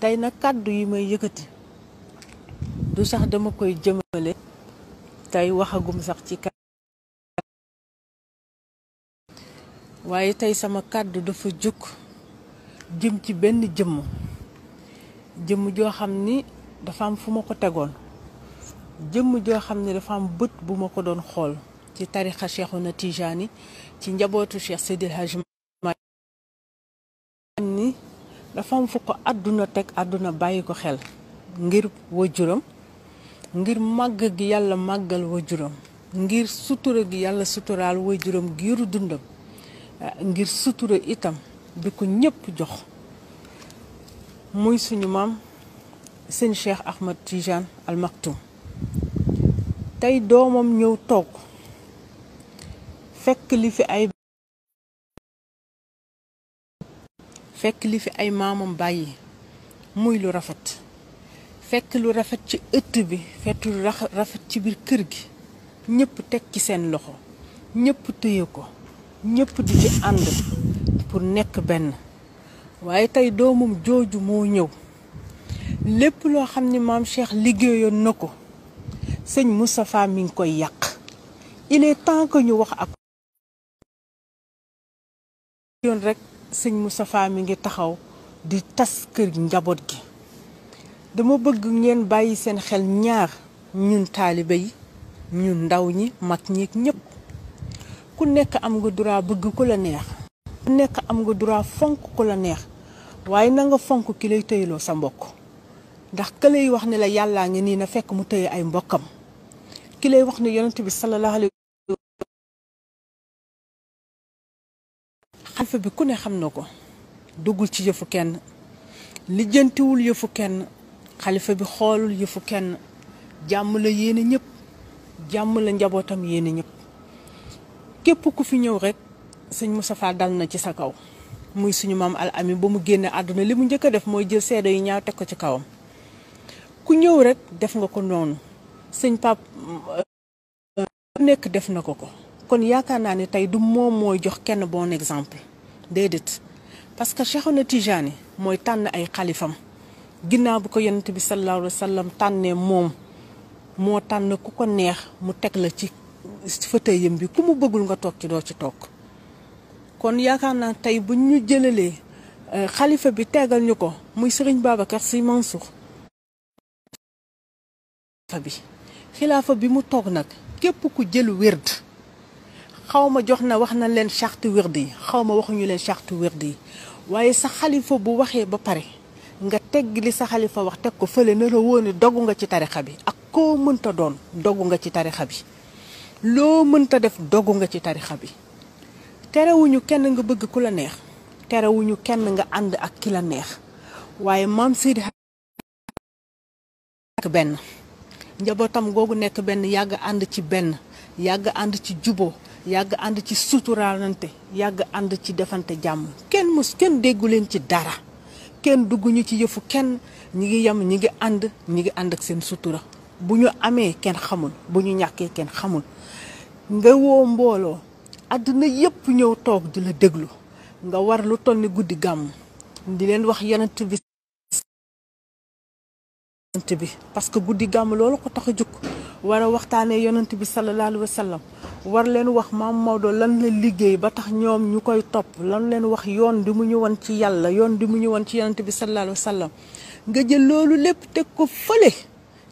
tey nag kàddu yi may yëkkati du sax dama koy jëmale tey waxagum sax ci kàddu waaye tey sama kàddu dafa jukk jëm ci benn jëmm jëmm xam ni dafa am fu ma ko tegoon jëmm joo xam ni dafa am bët bu ma ko doon xool ci tarixa Cheikhouna Tijani ci njabootu Cheikh Seydil Hadji dafa am fu ko àdduna teg àdduna bàyyi ko xel ngir waajuram ngir màgg gi yàlla màggal waajuram ngir sutura gi yàlla suturaal juróom giiru dundam eh, ngir sutura itam bi ko ñépp jox muy suñu maam seen Cheikh Ahmad Tijaan Al tey doomam ñëw toog fekk li fi ay fekk li fi ay maamam bàyyi muy lu rafet fekk lu rafet ci ëtt bi fekk rafet ci biir kër gi ñëpp teg ci seen loxo ñëpp tëye ko ñëpp di ci ànd pour nekk benn waaye tey doomam jooju moo ñëw lépp loo xam ni maam Cheikh liggéeyoon na ko sëñ Moustapha mi ngi koy yàq il est temps ñu wax ak yoon rek sëñ Moustapha mi ngi taxaw di tas kër njaboot gi dama bëgg ngeen bàyyi seen xel ñaar ñun taalibe yi ñun ndaw ñi mag ñeeg ñëpp ku nekk am nga droit bëgg ku la neex ku nekk am nga droit fonk ku la neex waaye na nga fonk ki lay tëyloo sa mbokk ndax ka lay wax ne la yàllaa ngi nii na fekk mu tëye ay mbokkam ki lay wax ne yonent bi sallallahu affaire bi ku ne xam na ko duggul ci yëfu kenn lijjantiwul yëfu kenn xalifa bi xoolul yëfu kenn jàmm la yéene ñëpp jàmm la njabootam yéene ñëpp képp ku fi ñëw rek sëñ Moustapha dal na ci sa kaw muy suñu maam al ami ba mu génnee àdduna li mu njëkk a def mooy jël seede yu ñaaw teg ko ci kawam ku ñëw rek def nga ko noonu sëñ pap euh, nekk def na ko ko kon yaakaar naa ne tey du moom mooy jox kenn bon exemple déedéet parce que Cheikhouna Tijani mooy tànn ay xalifam ginnaaw bu ko yonent bi sallallahu alayhi tànnee moom moo tànn ku ko neex mu teg la ci fauteuil bi ku mu bëggul nga toog ci doo ci toog kon yaakaar naa tey bu ñu jëlalee euh, xalifa bi tegal ñu ko muy Serigne Babacar Sy Mansour bi xilaafa bi mu toog nag képp ku jël werd xawma jox na wax na leen charte wird yi xaw waxuñu leen charte wird yi waaye sa xalifa bu waxee ba pare nga tegg li sa xalifa wax teg ko fële na la woon dogu nga ci tarixa bi ak koo mënta doon dogu nga ci tarixa bi loo mënta def dogu nga ci tarixa bi terewuñu kenn nga bëgg ku la neex terewuñu kenn nga ànd ak ki la neex waaye maam Seydi ak benn njabootam googu nekk benn yàgg ànd ci benn yàgg ànd ci juboo yàgg ànd ci suturaalante yàgg ànd ci defante jàmm kenn mos kenn déggu leen ci dara kenn dugg ñu ci yëfu kenn ñi ngi yem ñi ngi ànd ñi ngi ànd ak seen sutura bu ñu amee kenn xamul bu ñu ñàkkee kenn xamul nga woo mbooloo àdduna yëpp ñëw toog di la déglu nga war lu toll guddi gàmm di leen wax yonent bi yonent parce que guddi gàmm loolu ko tax a jóg war a waxtaanee yonent bi sallallahu alayhi wa leen wax maam Maodo lan la liggéey ba tax ñoom ñu koy topp lan leen wax yoon di mu ñu ci yàlla yoon di mu ñu ci yonent bi sallallahu alayhi wa nga jël loolu lépp teg ko fële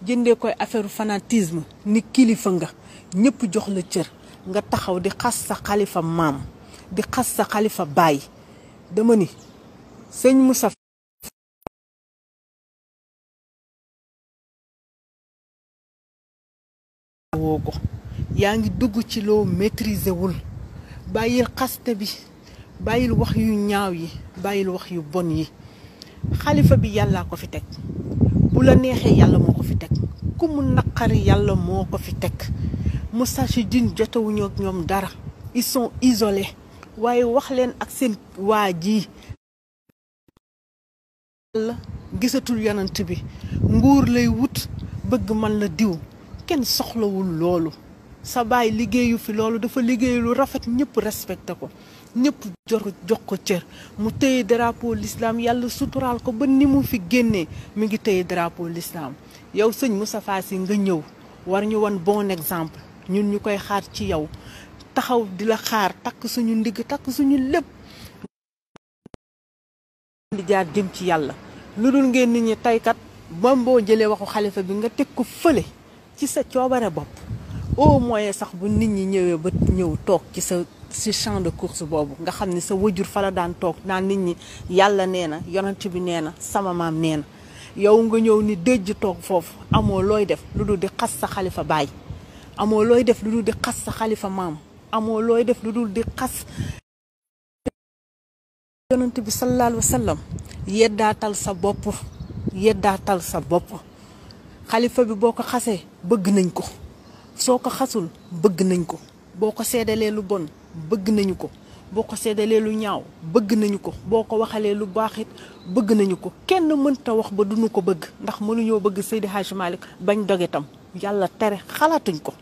jëndee koy affaire fanatisme ni kilifa nga ñëpp jox la cër nga taxaw di xas sa xalifa maam di xas sa xalifa baay dama ni sëñ Moussa ko yaa ngi dugg ci loo maîtriser wul bàyyil xaste bi bàyyil wax yu ñaaw yi bàyyil wax yu bon yi xalifa bi yàlla ko fi teg bu la neexee yàlla moo ko fi teg ku mu naqari yàlla moo ko fi teg Moustarchidine jotewuñu ak ñoom dara isole waaye wax leen ak seen waa ji yàlla gisatul yonent bi nguur lay wut bëgg man la diw kenn soxlawul loolu sa baay liggéeyu fi loolu dafa liggéey lu rafet ñëpp respecté ko ñëpp jox jox ko cër mu téye drapeau l'islam yàlla suturaal ko ba ni mu fi génnee mi ngi téye drapeau l'islam yow sëñ Moustapha Sy nga ñëw war ñu wan bon exemple ñun ñu koy xaar ci yow taxaw di la xaar takk suñu ndigg takk suñu lépp di jaar jëm ci yàlla lu dul ngeen nit ñi teykat bam boo jëlee waxu xalifa bi nga teg ko fële ci sa coobare bopp au moins sax bu nit ñi ñëwee ba ñëw toog ci sa ci champ de course boobu nga xam ni sa wajur fa la daan toog naan nit ñi yàlla nee na yonent bi nee na sama maam nee yow nga ñëw ni dëjj toog foofu amoo looy def lu dul di xas sa xalifa baay amoo looy def lu dul di xas sa xalifa maam amoo looy def lu dul di xas yonent bi sallallahu alayhi sa bopp yeddaatal sa bopp xalifa bi boo ko xasee bëgg nañ ko soo ko xasul bëgg nañ ko boo ko seddalee lu bon bëgg nañu ko boo ko seddalee lu ñaaw bëgg nañu ko boo ko waxalee lu baax it bëgg nañu ko kenn mënta wax ba duñu ko bëgg ndax mënuñoo bëgg Seydi Hadji Malick bañ dogetam yàlla tere xalaatuñ ko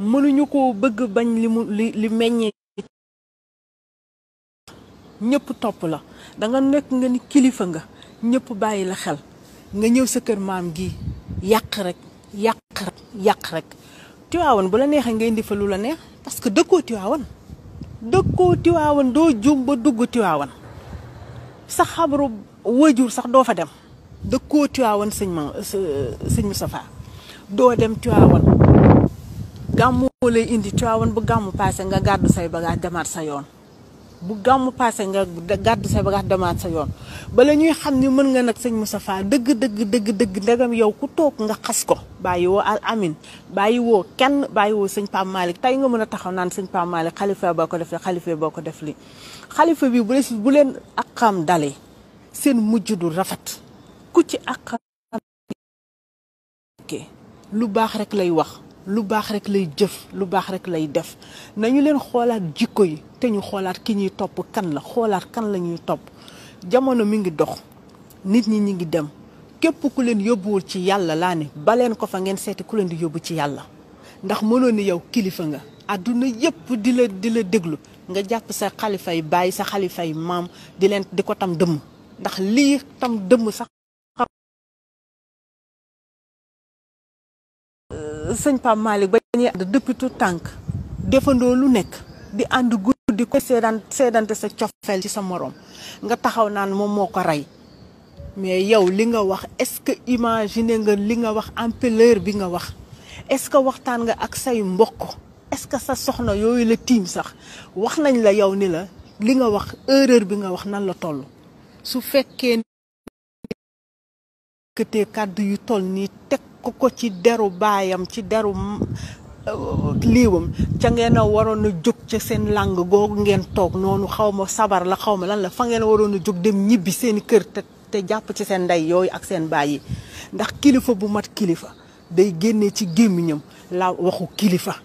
mënuñu ko bëgg bañ li meññee ñëpp topp la danga nekk nga ni kilifa nga ñépp bàyyi la xel nga ñëw sa kër maam gi yàq rek yàq rek yàq rek Tiwaawan bu la neexee nga indi fa lu la neex parce que dëkkoo Tiwaawan dëkkoo Tiwaawan doo jum ba dugg Tiwaawan sa xabru wajur sax doo fa dem dëkkoo Tiwaawan sëñ ma sëñ Moustapha doo dem Tiwaawan gàmmu lay indi Tiwaawan bu gàmmu paase nga gàddu say bagaas demaat sa yoon bu gàmmu paase nga gàddu sa bagaas demaat sa yoon bala ñuy xam ni mën nga nag sëñ Moustapha dëgg dëgg dëgg dëgg ndegam yow ku toog nga xas ko bàyyi woo al bàyyi woo kenn bàyyi woo sëñ Pape tey nga mën a taxaw naan sëñ Pape Malick boo ko def xalifa boo ko def li xalifa bi bu bu leen ak xam dale seen mujj du rafet ku ci ak xam lu baax rek lay wax lu baax rek lay jëf lu baax rek lay def nañu leen xoolaat jikko yi te ñu xoolaat ki ñuy topp kan la xoolaat kan la ñuy topp jamono mi ngi dox nit ñi ñu ngi dem képp ku leen yóbbuwul ci yàlla laa ne ba leen ko fa ngeen seeti ku leen di yóbbu ci yàlla ndax mënoon ni yow kilifa nga àdduna yëpp di la di la déglu nga jàpp sa xalifay bàyyi sa xalifay maam di leen di ko tam dëmm ndax lii tam dëmm sax sëñ Pape Malick ba ñuy ànd depuis tànk defandoo lu nekk di ànd guddi ko seedan seedante sa cofeel ci sa morom nga taxaw naan moom moo ko rey mais yow li nga wax est-ce que nga li nga wax ampleur bi nga wax est-ce que waxtaan nga ak say mbokk est-ce que sa soxna yooyu la tiim sax wax nañ la yow ni la li nga wax erreur bi nga wax nan la toll su fekkee këtee yu toll nii teg takk ko ci deru baayam ci deru uh, liiwam ca ngeen a waroon a jóg ca seen làng googu ngeen toog noonu xawma sabar la xaw ma lan la fa ngeen waroon a jóg dem ñibbi seeni kër te te jàpp ci seen ndey yooyu ak seen baay yi ndax kilifa bu mat kilifa day génne ci gémmiñam la waxu kilifa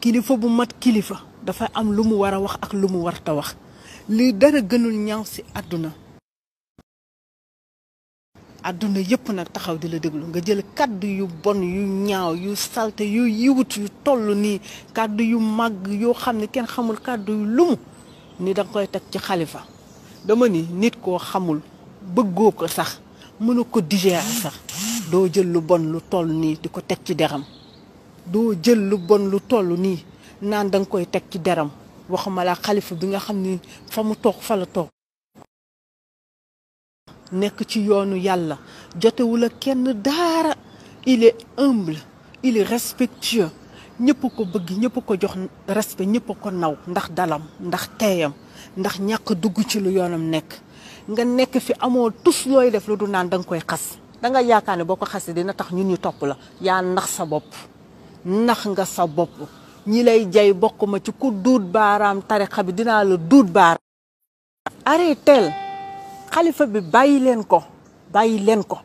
kilifa bu mat kilifa dafa am lu mu war a wax ak lu mu warta wax li dara gënul ñaaw si àdduna àdduna yëpp nag taxaw di la déglu nga jël kàddu yu bon yu ñaaw yu salte yu yiwut yu toll nii kàddu yu màgg yoo xam ne kenn xamul kàddu yu lumu ni koy teg ci xalifa dama ni nit koo xamul bëggoo ko sax mënu ko digérer sax doo jël lu bon lu toll nii di ko teg ci deram doo jël lu bon lu toll nii naan danga koy teg ci deram waxuma la xalifa bi nga xam ni fa mu toog fa la toog nekk ci yoonu yàlla jotewul ak kenn daara il est humble il est respectueux ñëpp ko bëgg ñëpp ko jox respect ñëpp ko naw ndax dalam ndax teeyam ndax ñàkk dugg ci lu yoonam nekk nga nekk fi amoo tus looy def lu du naan da nga koy xas da yaakaar ne boo ko xasee dina tax ñun ñu topp la yaa nax sa bopp nax nga sa bopp ñi lay jay bokk ma ci ku duut baaraam tarixa bi dinaa la duut baaraam xalifa bi bàyyi leen ko bàyyi leen ko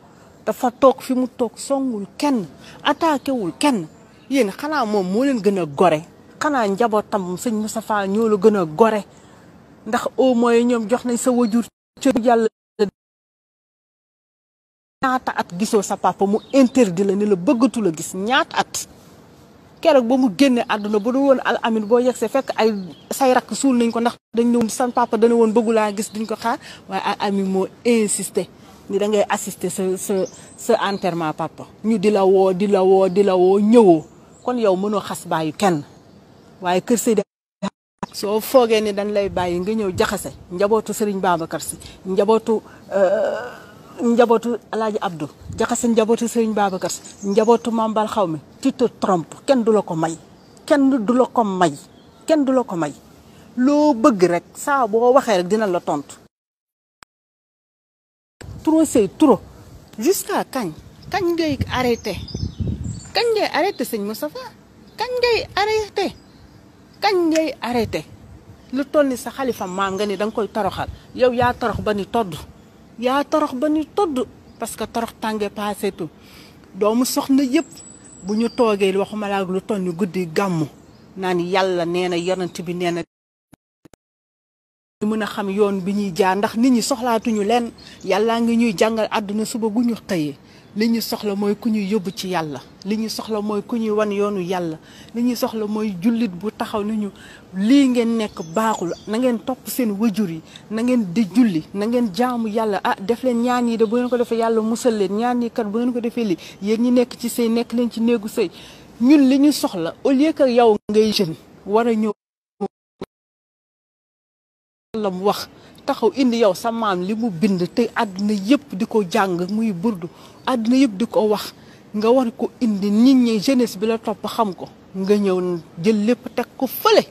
dafa toog fi mu toog songul kenn attaqué wul kenn yéen xanaa moom moo leen gën a gore xanaa njabootam sëñ Moustapha ñoo la gën a gore ndax au moins ñoom jox nañ sa wajur ci yàlla ñaata at gisoo sa papa mu interdit la ni la bëggatu la gis ñaata at keroog ba mu génne àdduna ba du woon al amin boo yegsee fekk ay say rakk suul nañ ko ndax dañ ne san papa dana woon bëggu laa gis duñ ko xaar waaye al amin moo insisté ni da ngay assister sa sa sa enterrement papa ñu di la woo di la woo di la woo ñëwoo kon yow mënoo xas bàyyi kenn waaye kër Seydi soo foogee ne dañ lay bàyyi nga ñëw jaxase njabootu Serigne Babacar Sy njabootu euh, njabootu alaaji Abdou jaxase njabootu Serigne Babacar njabootu mambal xaw mi tu te kenn du la ko may kenn du la ko may kenn du la ko may loo bëgg rek saa waxee rek dina la tontu. trop c'est trop jusqu'à kañ kañ ngay arrêté kañ ngay arrêté sëñ Moustapha kañ ngay arrêté kañ ngay arrêté lu toll ni sa xalifa maam nga ni da koy toroxal yow yaa torox ba ni todd yaa torox ba ñu todd parce que torox tànge paaseetul doomu soxna yëpp bu ñu toogee waxuma laa lu ton ni guddi gàmmu naan yàlla nee na yonent bi nee na mën a xam yoon bi ñuy jaar ndax nit ñi soxlaatuñu leen yàllaa ngi ñuy jàngal àdduna suba gu ñu xëyee li ñu soxla mooy ku ñuy yóbbu ci yàlla li ñuy soxla mooy ku ñuy wan yoonu yàlla li ñuy soxla mooy jullit bu taxaw ni ñu lii ngeen nekk baaxul na ngeen topp seen wajur yi na ngeen di julli na ngeen jaamu yàlla ah def leen ñaan yi de bu ngeen ko defee yàlla musal leen ñaan yi kat bu ngeen ko defee li yéen ñi nekk ci sëy nekk leen ci néegu sëy ñun li ñu soxla au lieu que yow ngay jeune war ñëw la mu wax taxaw indi yow sa maam li mu bind te àddina yëpp di ko jàng muy burdu àddina yépp di ko wax nga war ko indi nit ñi jeunesse bi la topp xam ko nga ñëw jël lépp teg ko fële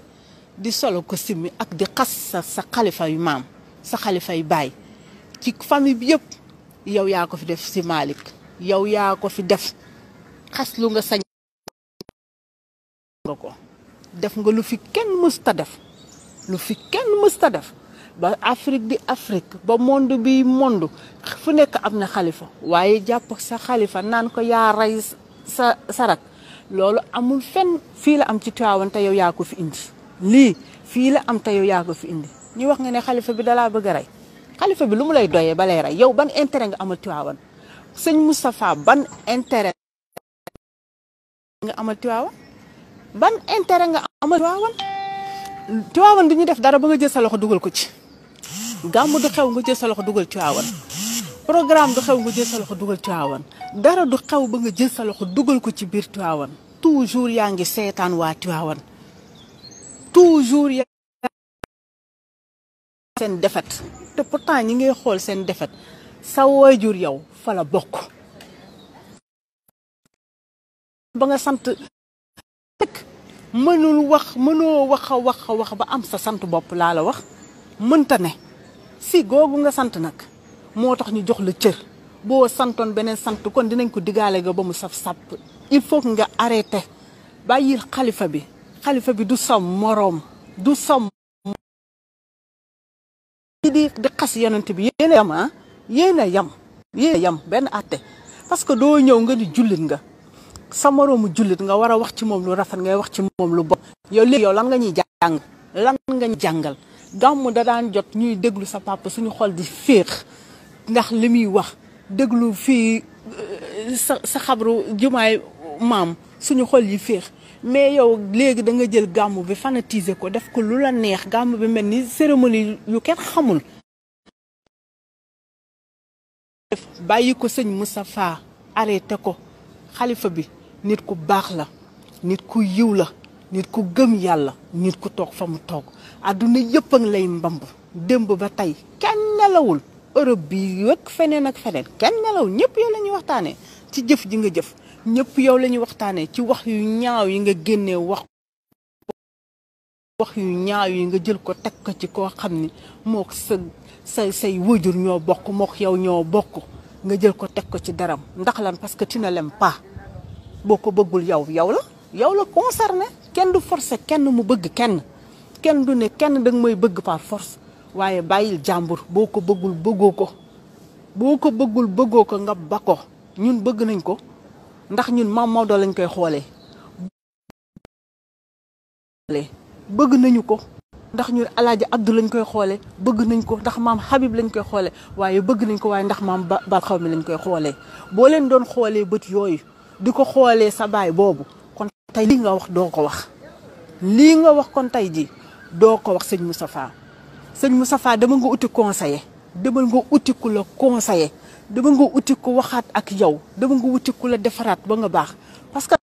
di solo ko simmi ak di xas sa sa xalifa yu maam sa xalifay baay ci famille bi yépp yow yaa ko fi def si Malick yow yaa ko fi def xas lu nga sañ nga ko def nga lu fi kenn mësta def lu fi kenn mësta def ba Afrique di Afrique ba monde bi monde fu nekk am na xalifa waaye jàpp sa xalifa naan ko yaa rey sa sarak loolu amul fenn fii la am ci Tiwaawan te yow yaa ko fi indi lii fii la am te yow yaa ko fi indi ñu wax nga ne xalifa bi dala bëgg a rey xalifa bi lu mu lay doyee ba lay rey yow ban intérêt nga amal Tiwaawan sëñ Moustapha ban intérêt nga amal Tiwaawan ban intérêt nga amal Tiwaawan Tiwaawan du ñu def dara ba nga jël sa loxo dugal ko ci gàmm du xew nga jël sa loxo dugal Tiwaawan programme du xew nga jël sa loxo dugal Tiwaawan dara du xew ba nga jël sa loxo dugal ko ci biir Tiwaawan toujours yaa ngi seetaan waa Tiwaawan toujours yaa seen defet te pourtant ñi ngay xool seen defet sa waajur yow fa la bokk ba nga sant mënul wax mënoo wax a wax ba am sa sant bopp laa la wax mënta ne si googu nga sant nag moo tax ñu jox la cër boo santoon beneen sant kon dinañ ko digaale ga ba mu saf sap il faut nga arrêté bàyyil xalifa bi xalifa bi du sam moroom du sam di di xas yonent bi yéen a yam ah yéen yam benn àtte parce que doo ñëw nga ni jullit nga sa moroomu jullit nga war a wax ci moom lu rafet ngay wax ci moom lu bon yow léegi yow lan nga ñuy jàng lan nga jàngal gàmm da daan jot ñuy déglu sa papa suñu xol di féex ndax li muy wax déglu fii euh, sa xabru jumay maam suñu xol yi féex mais yow léegi da nga jël gàmm bi fanatiser ko def ko lu la neex gàmm bi mel ni cérémonie yu kenn xamul bàyyi ko sëñ Moustapha arrêté ko xalifa bi nit ku baax la nit ku yiw la nit ku gëm yàlla nit ku toog fa mu toog àdduna yëpp lay mbamb démb ba tey kenn nelawul Europe bi rek feneen ak feneen kenn nelawul ñëpp yow la ñuy waxtaanee ci jëf ji nga jëf ñëpp yow la waxtaanee ci wax yu ñaaw yi nga génnee wax yu ñaaw yi nga jël ko teg ko ci ko xam ni mook sa say say wajur ñoo bokk mook yow ñoo bokk nga jël ko teg ko ci daram ndax lan parce que tu ne l'aimes pas boo ko bëggul yow yow la yow la concerné kenn du forcer kenn mu bëgg kenn kenn du ne kenn danga mooy bëgg par force waaye bàyyil jàmbur boo ko bëggul bëggoo ko boo ko bëggul bëggoo ko nga ba ko ñun bëgg nañ ko ndax ñun maam lañ koy xoolee bëgg nañu ko ndax ñun alaaji abdu lañ koy xoole bëgg nañ ko ndax maam Habib lañ koy xoole waaye bëgg nañ ko waaye ndax maam ba Balxaw mi lañ koy xoolee boo leen doon xoolee bët yooyu di ko xoolee sa baay boobu kon tey lii nga wax doo ko wax lii nga wax kon tey ji doo ko wax sëñ Moustapha sëñ Moustapha dama nga uti conseiller dama nga uti ku la conseiller dama waxaat ak yow dama nga wuti ku la defaraat ba nga baax parce que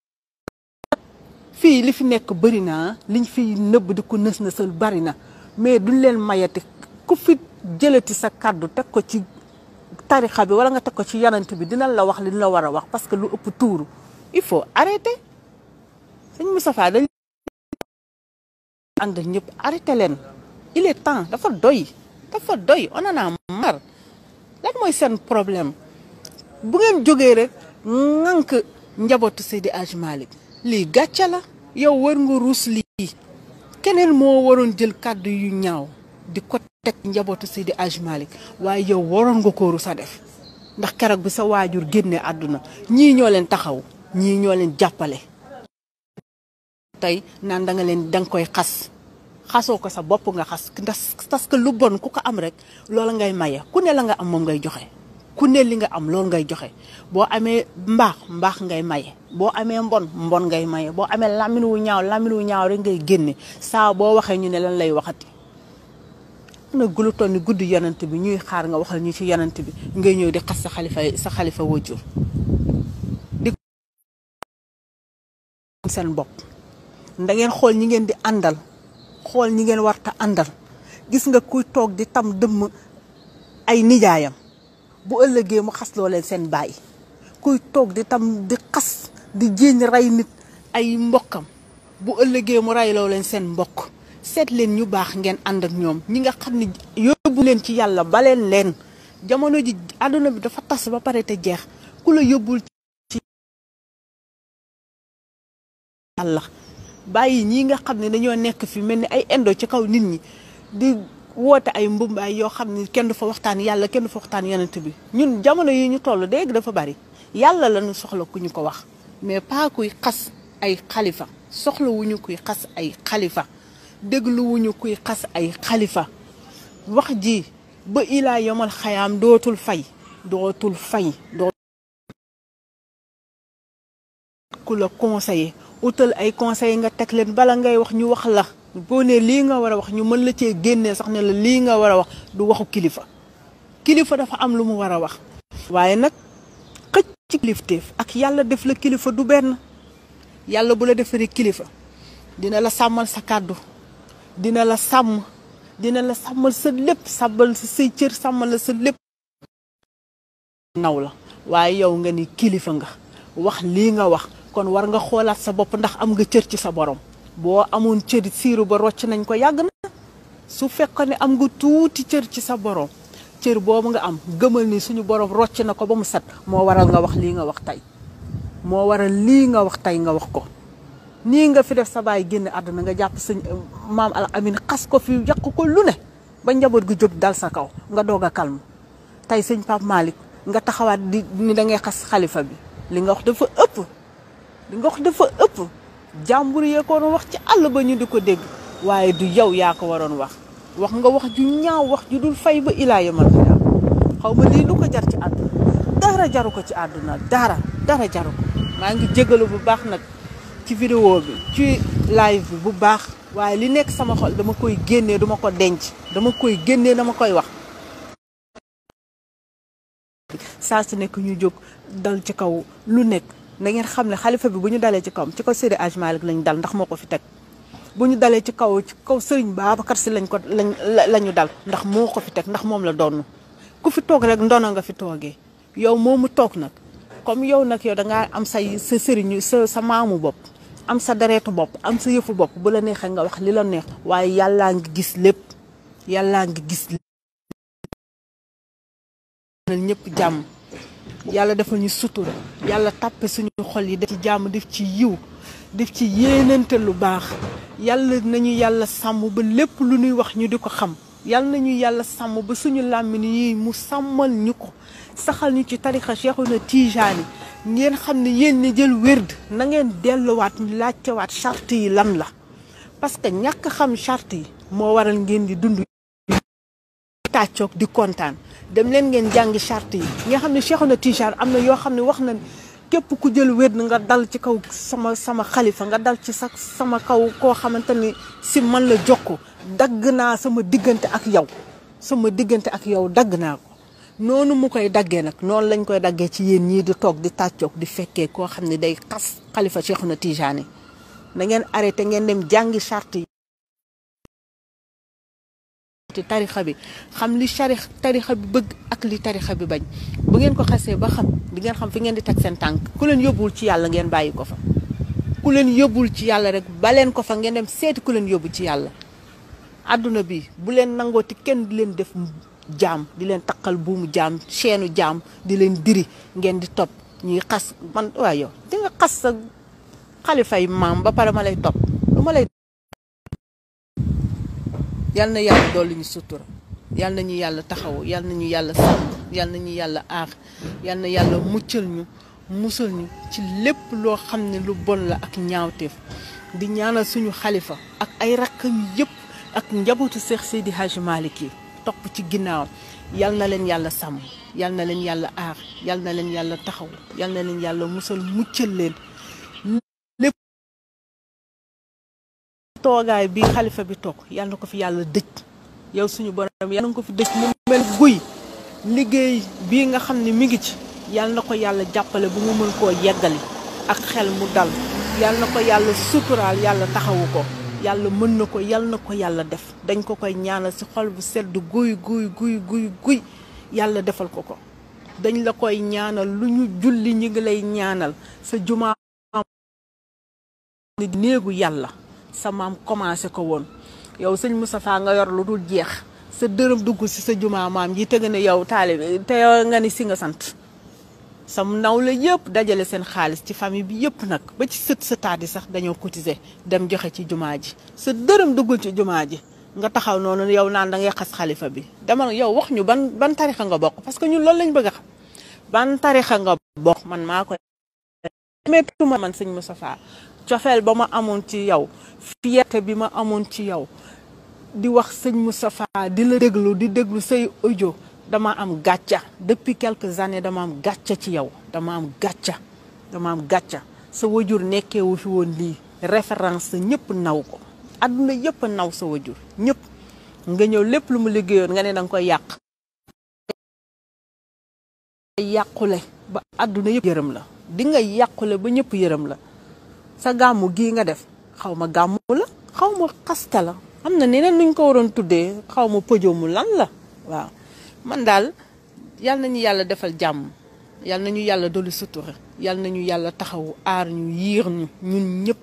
fii li fi nekk bëri na liñ fiy nëbb di ko nës na sal bëri na mais duñ leen mayet ku fi jëlati sa kàddu teg ko ci tarixa bi wala nga teg ko ci yanant bi dinañ la wax li la war a wax parce que lu ëpp tuuru il faut arrêter sëñ Moustapha dañ ànd ñëpp arrêté leen il est temps dafa doy dafa doy on en a marre lan mooy seen problème bu ngeen jógee rek ŋànk njabootu Seydi Hadji Malick lii gàcce la yow war nga ruus lii keneen moo waroon jël kàddu yu ñaaw di ko teg njabootu Seydi di Malick waaye yow waroon nga kooru sa def ndax keroog bi sa waajur génne àdduna ñii ñoo leen taxaw ñii ñoo leen jàppale tey nan danga leen danga koy xas xasoo ko sa bopp nga xas ndax parce que lu bon ku ko am rek loola ngay maye ku ne la nga am moom ngay joxe ku ne li nga am lool ngay joxe boo amee mbaax mbaax ngay maye boo amee mbon mbon ngay maye boo amee lamine wu ñaaw lamine wu ñaaw rek ngay génne saa boo waxee ñu ne lañ lay waxati na gulu guddi yonent bi ñuy xaar nga waxal ñu ci yonent bi ngay ñëw di sa xalifa sa xalifa wajur seen bopp nda ngeen xool ñi ngeen di àndal xool ñi ngeen warta àndal gis nga kuy toog di tam dëmm ay nijaayam bu ëllëgee mu xas loo leen seen bàyyi kuy toog di tam di xas di jéñ rey nit ay mbokkam bu ëllëgee mu rey loo leen seen mbokk seet leen ñu baax ngeen ànd ak ñoom ñi nga xam ni yóbbu leen ci yàlla baleen leen jamono ji àdduna bi dafa tas ba pare te jeex ku la yóbbul ci yàlla bàyyi ñi nga xam ne dañoo nekk fi mel ni ay indo ci kaw nit ñi di woote ay mbumbaay yoo xam ne kenn du fa waxtaan yàlla kenn du fa waxtaan yonent bi ñun jamono yi ñu toll dégg dafa bari yàlla lañu soxla ku ñu ko wax mais pas kuy xas ay xalifa soxla wu ñu kuy xas ay xalifa dégluwuñu kuy xas ay xalifa wax ji ba ilaa yomal xayaam dootul fay dootul fay dootul ku la conseiller utal ay conseil nga teg leen bala ngay wax ñu wax la boo ne lii nga war a wax ñu mën la cee génnee sax ne la lii nga war a wax du waxu kilifa kilifa dafa am lu mu war a wax waaye nag xëcc ci kilifteef ak yàlla def la kilifa du benn yàlla bu la defaree kilifa dina la sàmmal sa kàddu dina la sàmm dina la sàmmal sa lépp sàmmal sa cër sàmmal la lépp naw la waaye yow nga ni kilifa nga wax lii nga wax kon war nga xoolaat sa bopp ndax am nga cër ci sa borom boo amoon cër siiru ba rocc nañ ko yàgg na su fekkoon ne am nga tuuti cër ci sa borom cër boobu nga am gëmal ni suñu borom rocc na ko ba mu set moo waral nga wax lii nga wax tey moo waral lii nga wax tey nga wax ko nii nga fi def sa baay génn àdduna nga jàpp sëñ euh, maam al amin xas ko fi yàq ko lu ne ba njaboot gi jóg dal sa kaw nga doog a calme tey sëñ Pape Malick nga taxawaat di ni da xas xalifa bi li nga wax dafa ëpp li nga wax dafa ëpp jàmbur yee ko wax ci àll ba ñu di ko dégg waaye du yow yaa ko waroon wax wax nga wax ju ñaaw wax ju dul fay ba ilaa yamal xiyaam xaw ma lii lu ko jar ci àdduna dara jaru ko ci àdduna dara dara jaru ko maa ngi jégalu bu baax nag ci vidéo bi bu baax waaye li nekk sama dama koy génnee duma ko denc dama koy génnee dama koy wax saa si nekk ñu jóg dal ci kaw lu nekk na ngeen xam ne xalifa bi bu ñu dalee ci kawam ci ko Seydi Aj lañ dal ndax moo ko fi teg bu ñu dalee ci kaw ci kaw Serigne Babacar Sy lañ ko dal ndax moo ko fi teg ndax moom la doon ku fi toog rek ndono nga fi toogee yow moomu toog nag comme yow nag yow danga am say sa sëriñu sa maamu bopp am sa dereetu bopp am sa yëfu bopp bu la neexee nga wax li la neex waaye yàllaa ngi gis lépp yàlla ngi gis ñëpp jàmm yàlla defal ñu sutura yàlla tàppe suñu xol yi def ci jàmm def ci yiw def ci yéenante lu baax yàlla nañu yàlla sàmm ba lépp lu ñuy wax ñu di ko xam yàlla nañu yàlla sàmm ba suñu làmmin yi mu sàmmal ñu ko saxal ñu ci tarixa Cheikhouna Tijaani ngeen xam ne yéen ñi jël wérd na ngeen delluwaat laajtewaat charte yi lan la parce que ñàkk xam charte yi moo waral ngeen di dund tàccoog di kontaan dem leen ngeen jàngi charte yi nga xam ne Cheikhouna Tijaani am na yoo xam ne wax na képp ku jël wérd nga dal ci kaw sama sama xalifa nga dal ci sa sama kaw koo xamante ni si man la jokk dagg naa sama diggante ak yow sama diggante ak yow dagg naa ko noonu mu koy daggee nag noonu lañ koy daggee ci yéen ñii di toog di tàccoog di fekkee koo xam ne day xas xalifa Cheikhouna Tidiane na ngeen arrêté ngeen dem jàngi charte yi ci tarixa bi xam li tarixa bi bëgg ak li tarixa bi bañ bu ngeen ko xasee ba xam di ngeen xam fi ngeen di teg seen tànk ku leen yóbbuwul ci yàlla ngeen bàyyi ko fa ku leen yóbbul ci yàlla rek baleen ko fa ngeen dem seeti ku leen yóbbu ci yàlla àdduna bi bu leen nangooti kenn du leen def jaam di leen taqal buumu jaam seenu jaam di leen diri ngeen di topp ñuy xas man waaye yow di nga xas sa xalifay maam ba pare ma lay topp lu ma lay yal na yàlla dolli ñu sutura yal na ñu yàlla taxaw yal na ñu yàlla sàmm yal na ñu yàlla aar yal na yàlla muccal ñu musal ñu ci lépp loo xam ne lu bon la ak ñaawteef di ñaanal suñu xalifa ak ay rakkam yëpp ak njabootu Seex Seydi Hajji Maalik yi topp ci ginnaaw yal na leen yàlla sàmm yal na leen yàlla aar yal na leen yàlla taxaw yal na leen yàlla musal muccal leen lépp toogaay bi xalifa bi toog yal na ko fi yàlla dëj yow suñu borom yal na ko fi dëj mu mel guy liggéey bii nga xam ni mi ngi ci yal na ko yàlla jàppale bu mu mën koo yeggali ak xel mu dal yal na ko yàlla suturaal yàlla taxawu ko yàlla mën na ko yal na ko yàlla def dañ ko koy ñaanal ci xol bu sedd guy guy guy guy guy yàlla defal ko ko dañ la koy ñaanal lu ñu julli ñi ngi lay ñaanal sa jumaa ni néegu yàlla sa maam commencé ko woon yow sëñ Moustapha nga yor lu dul jeex sa dërëm dugg ci sa jumaa maam ji te nga ne yow taalibe te nga ni si nga sant sam ndaw la yëpp dajale seen xaalis ci famille bi yëpp nag ba ci sët sëtaat yi sax dañoo cotiser dem joxe ci jumaa ji sa dërëm duggul ci jumaa ji nga taxaw noonu yow naan da ngay xas xalifa bi dama yow wax ñu ban ban tarixa nga bokk parce que ñun loolu lañu bëgg xam ban tarixa nga bokk man maa koy metuma man sëñ Moustapha cofeel ba ma amoon ci yow fierté bi ma amoon ci yow di wax sëñ Moustapha di la déglu di déglu say audio dama am gàcca depuis quelques années dama am gàcca ci yow dama am gàcca dama am gàcca sa wajur nekkee wu fi woon lii référence sa ñëpp naw ko adduna yëpp naw sa wajur ñépp nga ñëw lépp lu mu liggéeyoon nga ne danga koy yàq yàqule ba adduna yëpp yërëm la di nga yàqule ba ñépp yërëm la sa gàmmu gi nga def xaw ma gàmmu la xaw ma xasta la am na neneen nuñ ko waroon tuddee xaw ma pëjoomu lan la waaw man daal yal nañu yàlla defal jàmm yal nañu yàlla dolli sutura yal nañu yàlla taxawu aar ñu yiir ñu ñun ñëpp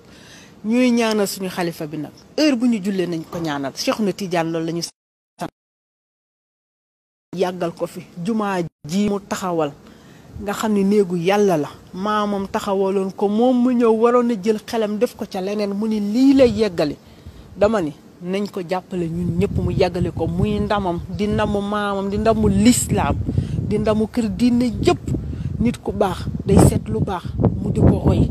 ñuy ñaanal suñu xalifa bi nag heure bu ñu jullee nañ ko ñaanal Cheikhna Tidiane loolu la ñu sant yàggal ko fi jumaa ji mu taxawal nga xam ni néegu yàlla la maamam taxawaloon ko moom mu ñëw waroon a jël xelam def ko ca leneen mu ni lii lay yeggali dama ni nañ ko jàppale ñun ñëpp mu yàggale ko muy ndamam di ndamu maamam di ndamu lislaam di ndamu kër diine jëpp nit ku baax day seet lu baax mu di ko roy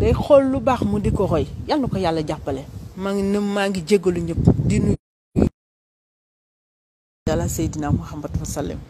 day xool lu baax mu di ko roy yal na ko yàlla jàppale maa ngi nëm maa ngi jéggalu ñëpp di nuyu yàlla seydina muhammad wa sallam